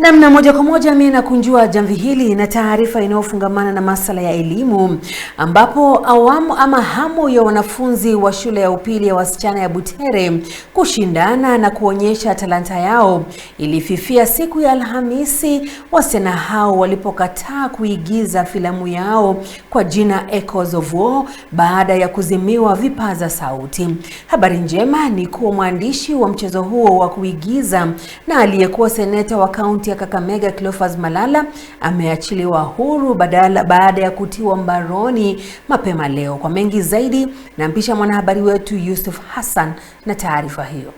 Namna moja kwa moja mimi nakunjua jamvi hili na taarifa inayofungamana na masuala ya elimu, ambapo awamu ama hamu ya wanafunzi wa shule ya upili ya wasichana ya Butere kushindana na kuonyesha talanta yao ilififia siku ya Alhamisi, wasichana hao walipokataa kuigiza filamu yao kwa jina Echoes of War baada ya kuzimiwa vipaza sauti. Habari njema ni kuwa mwandishi wa mchezo huo wa kuigiza na aliyekuwa seneta wa kaunti kaunti ya Kakamega Cleophas Malala ameachiliwa huru badala baada ya kutiwa mbaroni mapema leo. Kwa mengi zaidi, nampisha mwanahabari wetu Yusuf Hassan na taarifa hiyo.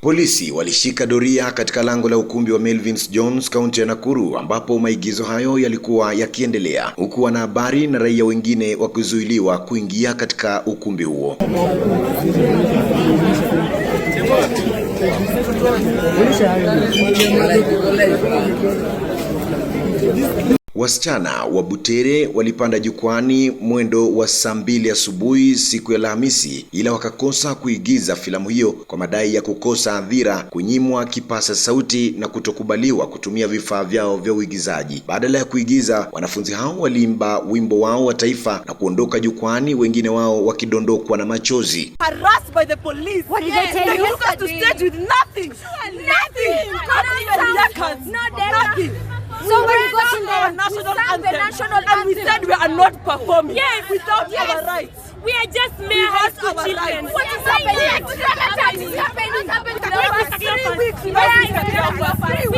Polisi walishika doria katika lango la ukumbi wa Melvins Jones kaunti ya Nakuru ambapo maigizo hayo yalikuwa yakiendelea huku wanahabari na raia wengine wakizuiliwa kuingia katika ukumbi huo. 为啥有？Wasichana wa Butere walipanda jukwani mwendo wa saa mbili asubuhi siku ya Alhamisi, ila wakakosa kuigiza filamu hiyo kwa madai ya kukosa hadhira, kunyimwa kipasa sauti na kutokubaliwa kutumia vifaa vyao vya uigizaji. Badala ya kuigiza, wanafunzi hao waliimba wimbo wao wa taifa na kuondoka jukwani, wengine wao wakidondokwa na machozi. Somebody got in there. National anthem, the national anthem. And we said we are not performing. Yes. Without yes. our rights. We are just mere house to children. What is happening? What is happening? What is happening? What is happening? What is happening? What is happening?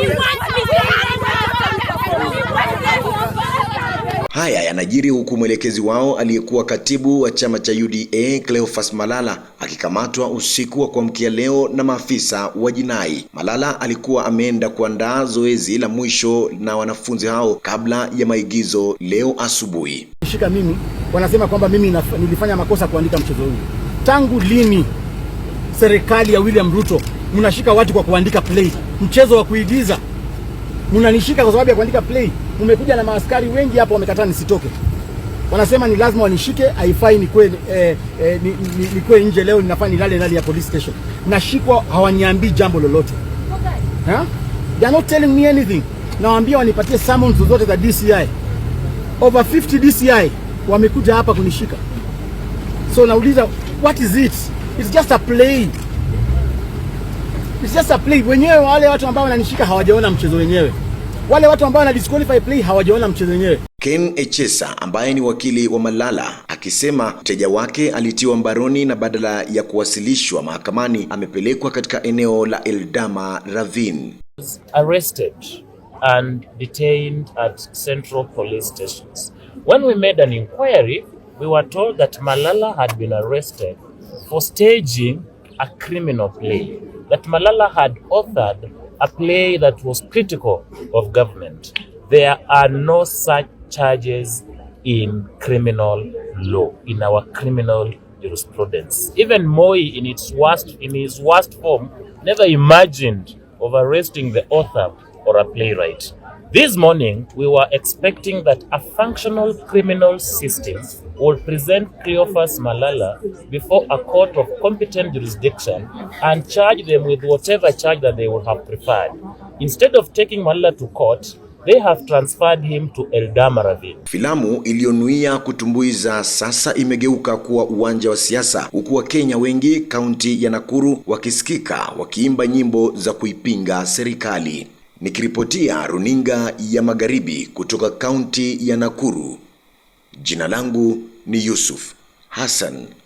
yanajiri huku mwelekezi wao aliyekuwa katibu wa chama cha UDA Cleophas Malala akikamatwa usiku wa kuamkia leo na maafisa wa jinai. Malala alikuwa ameenda kuandaa zoezi la mwisho na wanafunzi hao kabla ya maigizo leo asubuhi. Shika mimi, wanasema kwamba mimi nilifanya makosa kuandika mchezo huu. Tangu lini serikali ya William Ruto mnashika watu kwa kuandika play, mchezo wa kuigiza? mnanishika kwa sababu ya kuandika play. Mmekuja na maaskari wengi hapa, wamekataa nisitoke, wanasema ni lazima wanishike, haifai nikwe eh, eh, nikwe nje leo, ninafaa nilale ndani ya police station. Nashikwa, hawaniambii jambo lolote okay. huh? They are not telling me anything. Nawaambia wanipatie summons zozote za DCI. Over 50 DCI wamekuja hapa kunishika, so nauliza what is it? It's just a play sasa play wenyewe, wale watu ambao wananishika hawajaona mchezo wenyewe, wale watu ambao wanadisqualify play hawajaona mchezo wenyewe. Ken Echesa ambaye ni wakili wa Malala akisema mteja wake alitiwa mbaroni na badala ya kuwasilishwa mahakamani amepelekwa katika eneo la Eldama Ravine. Was Arrested and detained at Central Police Stations. When we made an inquiry, we were told that Malala had been arrested for staging a criminal play that Malala had authored a play that was critical of government. There are no such charges in criminal law, in our criminal jurisprudence. Even Moi, in its worst, in his worst form, never imagined of arresting the author or a playwright. This morning, we were expecting that a functional criminal system would present Cleophas Malala before a court of competent jurisdiction and charge them with whatever charge that they would have preferred. Instead of taking Malala to court, they have transferred him to Eldama Ravine. Filamu iliyonuia kutumbuiza sasa imegeuka kuwa uwanja wa siasa, huku Wakenya wengi kaunti ya Nakuru wakisikika wakiimba nyimbo za kuipinga serikali nikiripotia runinga ya Magharibi kutoka kaunti ya Nakuru. Jina langu ni Yusuf Hassan.